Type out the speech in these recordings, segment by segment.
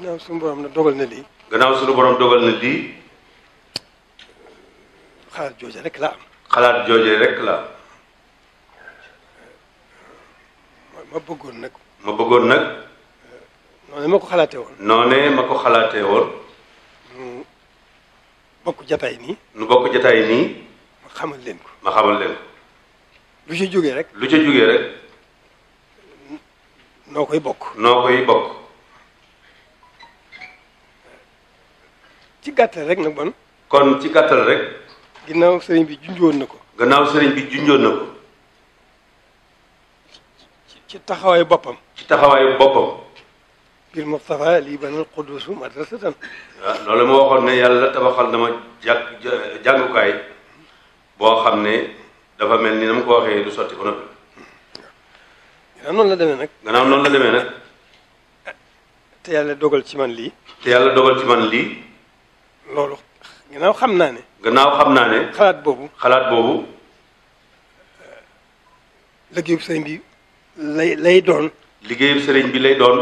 gannaaw suñu borom na dogal na lii. gannaaw suñu borom dogal na lii. xalaat jooje rek la am. xalaat jooje rek la am. ma bëggoon nag. ma bëggoon nag. noonee ma ko xalaatee woon. noonee ma ko xalaatee woon. nu bokk jataay nii. nu bokk jataay nii. ma xamal leen ko. ma xamal leen ko. lu ca jógee rek. lu ca jógee rek. noo koy bokk. noo koy bokk. ci gàttal rek nag bon. kon ci gàttal rek. ginnaaw sëriñ bi junjoon na ko. gannaaw sëriñ bi junjoon na ko. ci taxawaayu boppam. ci taxawaayu boppam. bil Mustafa lii banal quddus madrasatan. waaw ah, loolu moo waxoon ne yàlla tabaxal na ma jàngukaay boo xam ne dafa mel ni na mu ko waxee du sotti ba noppi. gannaaw noonu la demee nag. gannaaw noonu la demee nag. te yàlla dogal ci man lii. te yàlla dogal ci man lii. loolu gannaaw xam naa ne. gannaaw xam naa ne. xalaat boobu. xalaat boobu. liggéeyub sëriñ bi lay lay doon. liggéeyub sëriñ bi lay doon.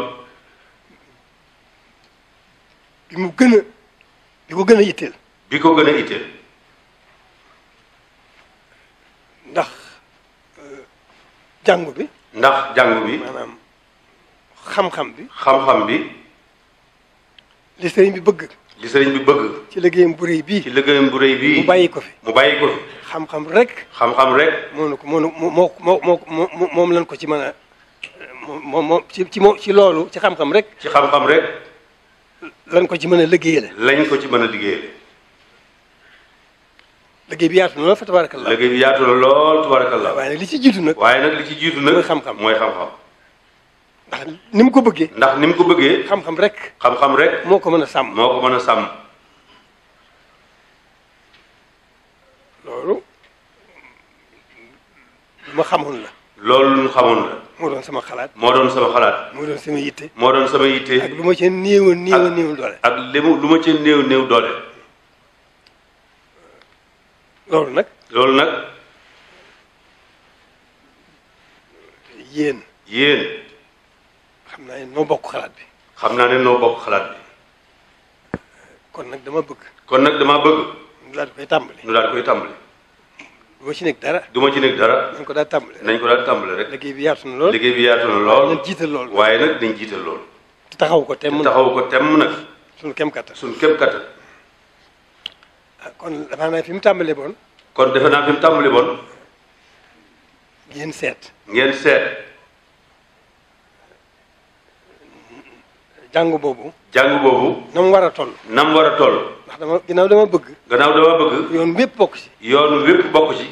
bi mu gën a bi ko gën a itteel. bi ko gën a itteel. ndax euh, jàngu bi. ndax jàngu bi. maanaam xam-xam bi. xam-xam bi. li sëriñ bi bëgg. li sëriñ bi bëgg. ci liggéeyam bu rëy bii. ci liggéeyam bu rëy bii. mu bàyyi ko fi mu bàyyi ko fi. xam-xam rek. xam-xam rek. moom ko moom moo moo moom lañ ko ci mën a moom moom ci ci ci loolu ci xam-xam rek. ci xam rek. lañ ko ci mën a liggéeyal. lañ ko ci mën a liggéeyal. liggéey bi yaatu na lool fa tabarakallah. liggéey bi yaatu na lool tabarakallah. waaye nag li ci jiitu nag. waaye nag li ci jiitu nag. mooy xam-xam mooy xam-xam. ndax ni mu ko bëggee. ndax ni mu ko bëggee. xam-xam rek. xam-xam rek. moo ko mën a sàmm moo ko mën a sàmm. loolu lu ma xamoon la. loolu lu xamoon la. moo doon sama xalaat. moo doon sama xalaat. moo doon sama yitte. moo doon sama yitte. ak lu ma ci néew néew néew doole. ak li lu ma ci néew néew doole. loolu nag. loolu nag. yéen. yéen. xam naa bokk xalaat bi. xam naa ne noo bokk xalaat nag dama bëgg. kon nag dama bëgg. ñu du ma ci nekk dara. nañ ko daal tàmbali nañ ko daal tàmbali rek. liggéey bi yaatu na lool liggéey bi yaatu na lool. nañ jiital lool waaye nag dañ jiital lool. taxaw ko temm nag taxaw ko temm nag. suñu kem kattan suñu kem kattan. Ah, kon defe naa fi mu tàmbali bon. kon defe naa fi tàmbali bon. ngeen seet. ngeen seet. jàngu boobu. jàngu boobu. na mu war a toll. na mu war a toll. ndax dama gannaaw dama bëgg. gannaaw dama bëgg. yoon wépp bokk ci. yoon wépp bokk ci.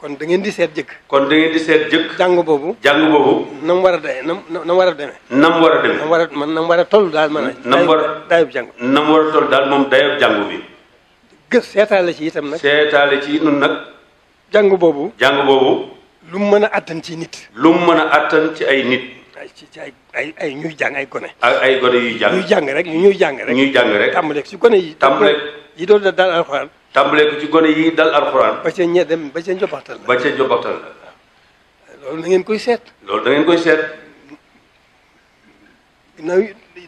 kon da ngeen di seet jëkk. kon da seet jëkk. jàngu boobu. jàngu boobu. na mu war a dee na mu war a demee. na war a demee. na mu war man na war a toll daal man. na mu war a dayub jàngu. na mu daal moom dayub jàngu bi. gë seetaale ci itam nag. seetaale ci nun nag. jàngu boobu. jàngu boobu. lu mu mën a attan ci nit. lu mu mën a attan ci ay nit ci ci ay ay ay ñuy jàng ay gone. ay ay gone yuy jàng ñuy jàng rek ñuy jàng rek. ñuy jàng rek tàmbale ci gone yi. tàmbale yi doon dal alxuraan. tàmbale ko ci gone yi dal alxuraan. ba ca ñee dem ba ca njobaxtal la. ba ca njobaxtal loolu da ngeen koy seet. loolu dangeen koy seet. ginnaaw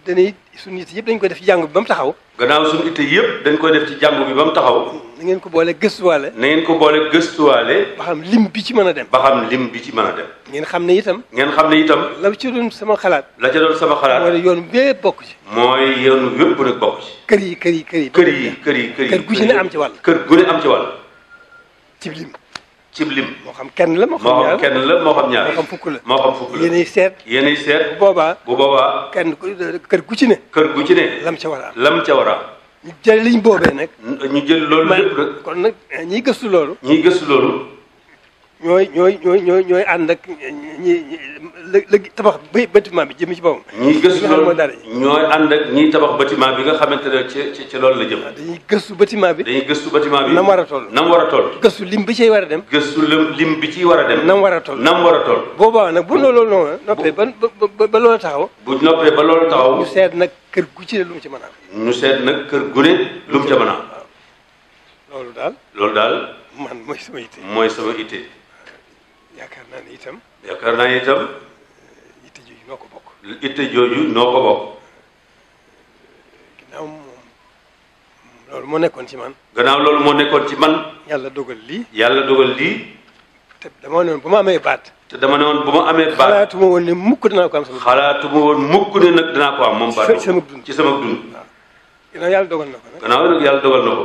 dañuy suñu yitte dañ koy def ci jàng bi ba mu taxaw. gannaaw suñu yitte yëpp dañ koy def ci jàng bi ba mu taxaw. na ngeen ko boole gëstuwaale. na ngeen ko boole gëstuwaale. ba xam lim bi ci mën a dem. ba xam lim bi ci mën a ngeen xam ne itam. ngeen xam ne itam. la ci doon sama xalaat. la ca doon sama xalaat. mooy yoon bépp bokk ci. mooy yoon yëpp nag bokk ci. kër yi kër yi kër yi. kër yi kër yi kër yi kër gu ci ne am ci wàll. kër gu am ci wàll. cib lim. cib lim. moo xam kenn la moo xam kenn la moo xam ñaar moo xam fukk seet. yéenay seet. bu boobaa bu boobaa. kenn kër gu ci ne. kër gu ci ne. lam ca war a am lam ca war a ñu jël liñ boobee nag. ñu jël loolu lépp nag kon nag ñiy gëstu loolu. ñiy gëstu loolu ñooy ñooy ñooy ñooy ñooy ànd ak ñi léegi tabax bay bâtiment bi jëm ci boppam. ñiy gëstu loolu ñooy ànd ak ñiy tabax bâtiment bi nga xamante ne ci ci loolu la jëm. dañuy gëstu bâtiment bi. dañuy gëstu bâtiment bi. nam war a toll nam war a toll. gëstu lim bi ciy war a dem. gëstu lim bi ciy war a dem. nam war a toll nam war a toll. boobaa nag bu loolu noonu ah, noppee ba ba ba loolu taxaw. bu noppee ba loolu taxaw. ñu seet nag kër gu ci ne lu mu ci mën a am. ñu seet nag kër gu ne lu mu ci mën a am. loolu daal. loolu daal. man mooy sama ittee. mooy sama ittee. yaakaar naa ne itam. yaakaar naa ne itam. Eh, itte jooju noo ko bokk. itte jooju noo ko bokk. ginnaaw moom loolu moo nekkoon ci man. gannaaw loolu moo nekkoon ci man. yàlla dogal lii. yàlla dogal lii. te dama ne woon bu ma amee baat. te dama ne woon bu ma amee baat xalaatuma woon ne mukk danaa ko am mukk ne nag danaa ko am moom. baat ci sama dund ci sama dund. gannaaw yàlla dogal na ko nag. gannaaw yàlla dogal na ko.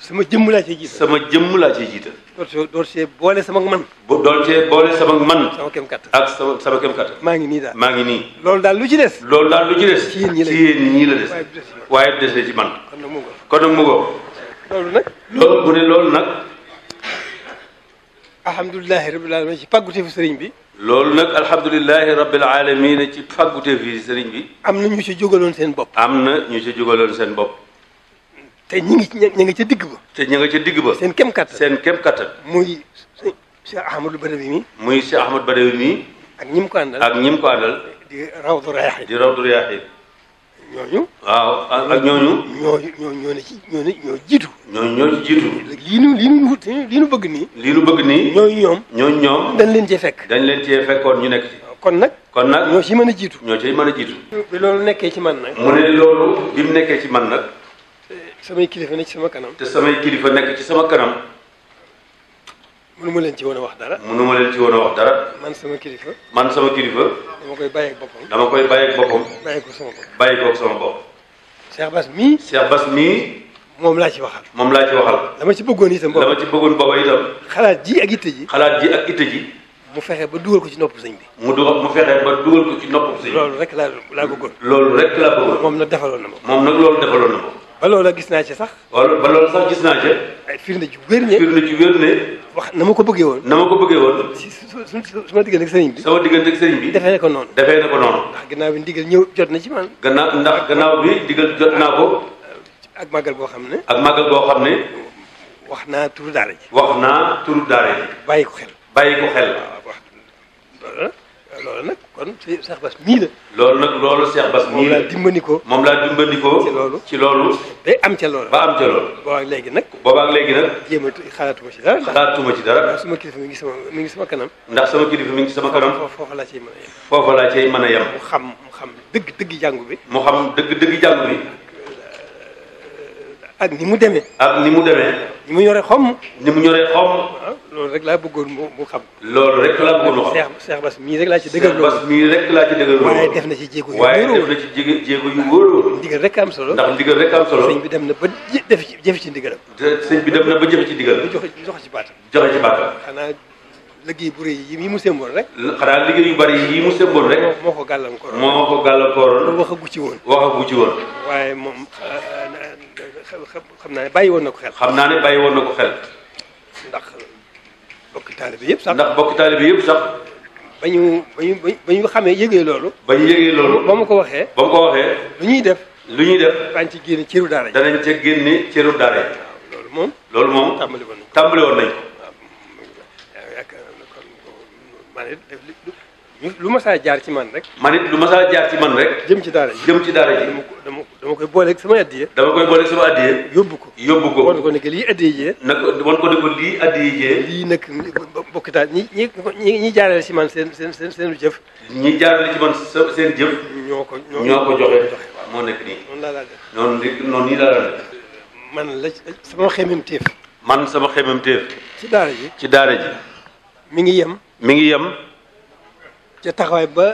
sama jëmm laa cee jiital sama jëmm laa cee jiital. door see boole sama man. bu doon see boole sama man. sama kem kattan ak sama sama kem maa ngi nii daal maa ngi nii. loolu daal lu ci des. loolu daal lu ci des. ci yéen ñii la des waaye du des ci man. kon nag mu ngoog. loolu nag. loolu bu ne loolu nag. alhamdulilahi rabbil a ci pàgguteefu sëriñ bi. loolu nag alhamdulilahi rabbil alamin ci pàgguteefu sëriñ bi. am na ñu ci jógaloon seen bopp. am na ñu ci seen bopp. te ñi ngi ña nga ca digg ba te ña nga ca digg ba seen kem kattan seen kem kattan muy Cheikh Ahmadou Badawi mi muy Cheikh Ahmadou Badawi mi ak ñi mu ko àndal ak ñi ko àndal di rawdu rayaaxin di rawdu rayaaxin ñooñu waaw ak ñooñu ñooñu ñoo ñoo ci ñoo jiitu ñooñu ñoo ci jiitu lii lii nu bëgg nii lii nu bëgg nii ñooñu ñoom ñooñu ñoom dañ leen cee fekk dañ leen cee fekkoon ñu nekk ci kon nag kon nag ñoo ci mën a jiitu ñoo ci mën a jiitu bi loolu nekkee ci man nag mu ne loolu bi mu nekkee ci man nag samay kilifa nekk ci sama kanam. te samay kilifa nekk ci sama kanam. mënuma leen ci woon a wax dara. mënuma leen ci woon a wax dara. man sama kilifa. man sama kilifa. dama koy bàyyi boppam. dama koy bàyyi ak boppam. bàyyi ko sama bopp. bàyyi ko sama bopp. Cheikh Bass mii. moom laa ci waxal. moom laa ci waxal. dama ci bëggoon itam booba. dama ci bëggoon booba itam. xalaat xalaat ji ak itte ji. mu fexe ba dugal ko ci nopp sañ bi. mu dugal mu fexe ba dugal ko ci nopp sëñ bi. loolu rek laa laa bëggoon. loolu rek laa bëggoon. moom nag defaloon na ma. moom nag loolu defaloon ba loola gis naa ci sax wala ba loola sax gis naa ci ay firnde ci wér ne firnde ci wér ne wax na ma ko bëggee woon na ma ko bëggee woon si sama diggante ak sëriñ bi sama diggante ak sëriñ bi defee na ko noonu defee na ko noonu ndax gannaaw bi ndigal ñëw jot na ci man gannaaw ndax gannaaw bi ndigal jot naa ko ak màggal goo xam ne ak màggal goo xam ne wax naa turu daara ji wax naa turu daara ji bàyyi ko xel bàyyi ko xel loolu nag kon Cheikh Bass mii la. loolu nag loolu Cheikh Bass mii la moom laa dimbandikoo. moom laa dimbandikoo. ci loolu ci loolu. ba am ca loolu. ba am ca loolu. boobaag léegi nag. boobaag léegi nag. jéem a xalaatuma ci dara. xalaatuma ci dara. ndax sama kilifa mi ngi sama mi ngi sama kanam. ndax sama kilifa mi ngi sama kanam. foofa laa cay mën a yem. laa cay mën a yem. mu xam mu xam dëgg dëgg jàngu bi. mu xam dëgg dëgg jàngu bi. ak ni mu demee. ak ni mu demee. ni mu ñoree xomm. ni mu ñoree xomm. loolu rek laa bëggoon bu xam. loolu rek laa bëggoon mu xam. Cheikh Cheikh Bass mii rek laa ci dëgër loolu. Cheikh mii rek laa ci dëgër loolu. waaye def na ci jéego yu wóor waaye def na ci jéego jéego yu am solo. ndax ndigal rek am solo. sëñ bi dem na ba ci jëf ci ndigalam. sëñ bi dem na ba jëf ci ndigalam. joxe joxe ci baatam. joxe ci baatam. xanaa liggéey bu rëy yi mu semboon rek. xanaa liggéey yu bari yi mu semboon rek. moo ko gàllankooroon moo ko gàllankooroon. waxagu ci woon waxagu ci woon. waaye moom xam naa ne bàyyi woon na ko xel. xam naa ne bàyyi woon na ko xel. ndax bokki taalibe yëpp sax. ndax bokki taalibe yëpp sax. ba ñu ba ñu ba ñu xamee yëgee loolu. ba ñu yëgee loolu. ba mu ko waxee. ba mu ko waxee. lu ñuy def. lu ñuy def. daañu ci génne cëru daara yi. danañ ca génne cëru daara yi. loolu moom. loolu moom tàmbali woon nañ ko tàmbali woon nañ lu ma saa jaar ci man rek. man it lu ma jaar ci man rek. jëm ci daara ji jëm ci daara ji. dama dama koy booleeg sama addiye dama koy booleeg sama addiye yóbbu ko yóbbu ko wan ko ne lii addiye jee nag lii addiye jee nag bokki taal ñi ñi ñi ñi jaarale ci man seen seen seen seenu jëf ñi jaarale ci man seen jëf ñoo ko ñoo ko joxe moo nekk nii noonu laa noonu li noonu laa daal man la sama xemem téef man sama xemem téef ci daara ji ci daara ngi yem mi ngi yem ca taxawaay ba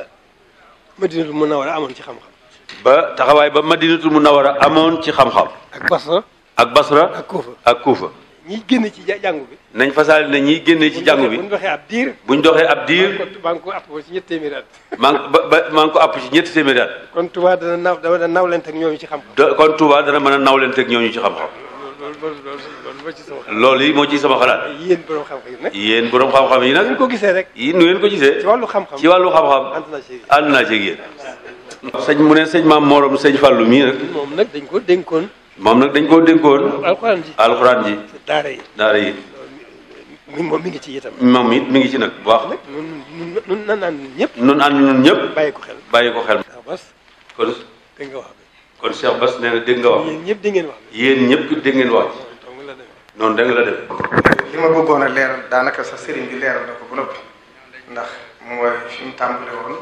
Madinatul Munawwara amoon ci xam-xam ba taxawaay ba madinatul munawara amoon ci xam-xam. ak basra. ak basra ak kuufa ak kuufa. ñiy génne ci jàngu bi. nañ fasaale na ñiy génne ci jàngu bi buñ doxee ab diir. buñ doxee ab diir. maa ngi ko àpp ci ñetti téeméeri at. maa ngi ba ba maa ngi ko àpp ci kon Touba dana naaw dana nawlante ñooñu ci xam-xam. kon Touba dana mën a nawlante ak ñooñu ci xam-xam. loolu yi moo ci sama xalaat. yéen borom xam-xam yi nag. yéen borom xam-xam yi nag. nu ko gisee rek. yi nu ngeen ko gisee. ci wàllu xam-xam ci wàllu xam-xam. ànd naa ci yéen sëñ mu ne sëñ maam morom sëñ Fallou mii nag. moom nag dañ koo dénkoon. moom nag dañ koo dénkoon. alxuraan ji alxuraan daara yi daara yi. moom mi ngi ci itam. moom it mi ngi ci nag bu baax. ñun ñun ñun ànd ñëpp. ñun ànd ñun ñëpp. bàyyi ko xel bàyyi ko xel. kon. dégg nga wax kon na dégg wax. yéen ñëpp dégg ngeen wax. yéen ñëpp dégg ngeen wax. noonu dégg la def. li ma bëggoon a leeral daanaka sa seriñ bi leeral na ko ba noppi ndax mooy fi mu tàmbale woon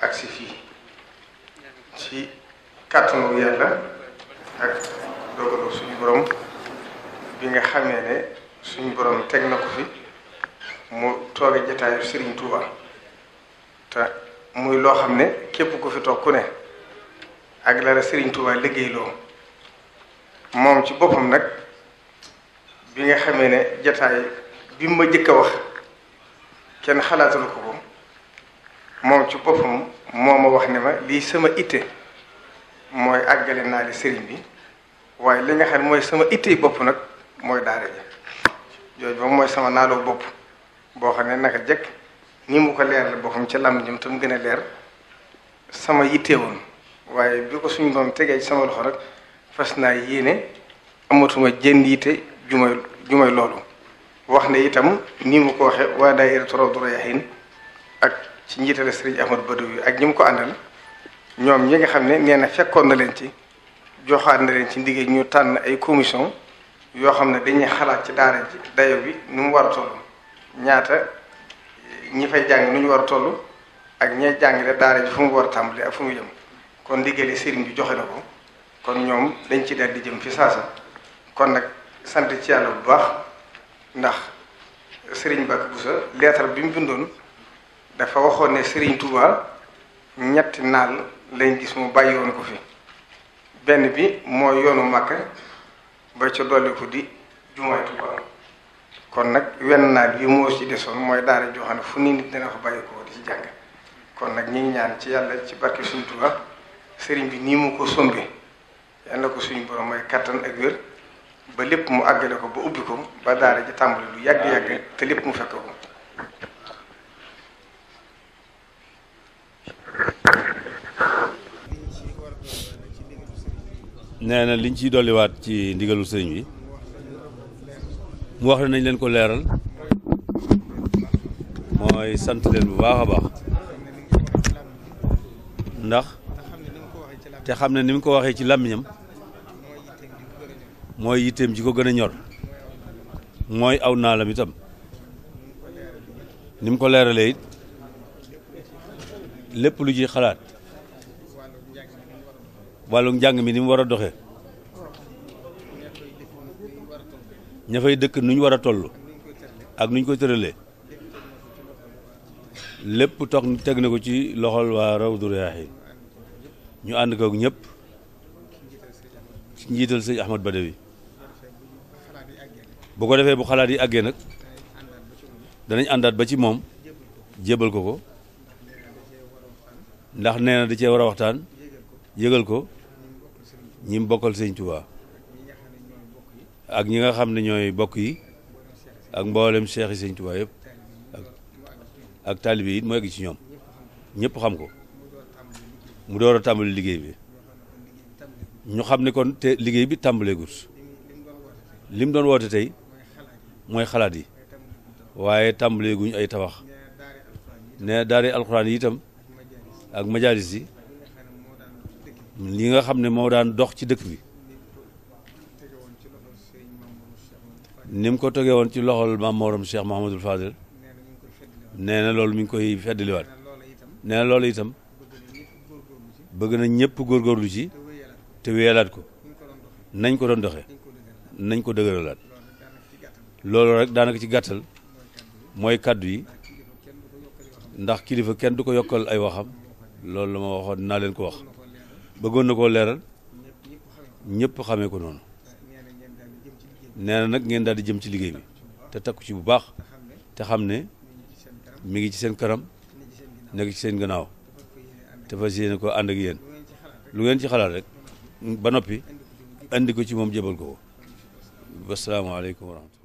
ak si fii ci kàttanu yàlla ak dogalu suñu borom bi nga xamee ne suñu borom teg na ko fi mu tooge jataayu Serigne Touba te muy loo xam ne képp ku fi toog ku ne ak la la Serigne Touba liggéey loo moom ci boppam nag bi nga xamee ne jataay bi ma jëkk a wax kenn xalaatal ko ko moom ci boppam moo ma wax ne ma lii sama itte mooy àggale naa li sëriñ bi waaye li nga xam mooy sama itte bopp nag mooy daara ji jooju moom mooy sama naaloo bopp boo xam ne naka jëkk ni mu ko leer la boppam ca lam jëm tam gën a leer sama yitte woon waaye bi ko suñu doom tegee ci sama loxo rek fas naa yéene amatuma jënd yitte jumay jumay loolu wax ne itam ni mu ko waxee waa daayira Rawdu Rayaahiin ak ci njiitale sëriñ Ahmadu Badawi ak ñi mu ko àndal ñoom ñi nga xam ne nee na fekkoon na leen ci joxaat na leen ci ndigal ñu tànn ay commission yoo xam ne dañuy xalaat ci daara ji dayo bi nu mu war a toll ñaata ñi fay jàng nu ñu war a toll ak ñay jàngale daara ji fu mu war a tàmbali ak fu mu jëm kon ndigali sëriñ bi joxe na ko kon ñoom dañ ci dal di jëm fi saasa kon nag sant ci yàlla bu baax ndax sëriñ Bakk Boussa leetar bi mu bindoon dafa waxoon ne Serigne Touba ñetti naal lañ gis mu bàyyi woon ko fi benn bi mooy yoonu Makka ba ca dolli ko di jumaay Touba kon nag wenn naal yi moo ci desoon mooy daal joo xam fu ni nit dana fa bàyyi ko di ci jàng kon nag ñu ngi ñaan ci yàlla ci barke suñu Touba Serigne bi nii mu ko sombe yal ko suñu borom mooy kattan ak wér ba lépp mu àggale ko ba ubbi ko ba daara ji tàmbali lu yàgg-yàgg te lépp mu fekk ko. nee na liñ ciy dolliwaat ci ndigalul sëriñ bi mu wax ne nañ leen ko leeral mooy sant leen bu baax a baax ndax te xam ne ni mu ko waxee ci làmmiñam mooy yitteem ji ko gën a ñor mooy aw naalam itam ni mu ko leeralee it lépp lu ciy xalaat wàllu njàng mi ni mu war a doxee ña fay dëkk nu ñu war a toll ak nuñ koy tëralee lépp toog teg na ko ci loxol waa Rawdu Rayaahiin ñu ànd koog ñépp ci njiital sëñ Ahmad Badawi bu ko defee bu xalaat yi àggee nag danañ àndaat ba ci moom jébal ko ko ndax nee na da cee war a waxtaan yëgal ko ñi mu bokkal sëñ Tuubaa ak ñi nga xam ne ñooy bokk yi ak mboolem seex yi sëñ Tuubaa yëpp ak ak taalibe yi it mu egg ci ñoom ñëpp xam ko mu door a tàmbali liggéey bi ñu xam ne kon te liggéey bi tàmbaleegut li mu doon woote tey mooy xalaat yi waaye tàmbaleeguñ ay tabax ne daari alxuraan yi itam ak majaalis yi li nga xam ne moo daan dox ci dëkk bi ni ko toggee woon ci loxol maam Morom Cheikh Mouhamadul Fadil nee na loolu mi ngi koy feddaliwaat nee na loolu itam bëgg na ñëpp góorlu ci te wéyalaat ko nañ ko doon doxe nañ ko dëgëralaat loolu rek daanaka ci gàttal mooy kàddu yi ndax kilifa kenn du ko yokkal ay waxam loolu la ma waxoon naa leen ko wax. bëggoon na koo leeral ñëpp xamee ko noonu nee na nag ngeen daal di jëm ci liggéey bi te takku ci bu baax te xam ne mi ngi ci seen kanam nekk ci seen gannaaw te fas yéene ko ànd ak yéen lu ngeen ci xalaat rek ba noppi indi ko ci moom jëbal ko ko wasalaamaaleykum wa rahmatulah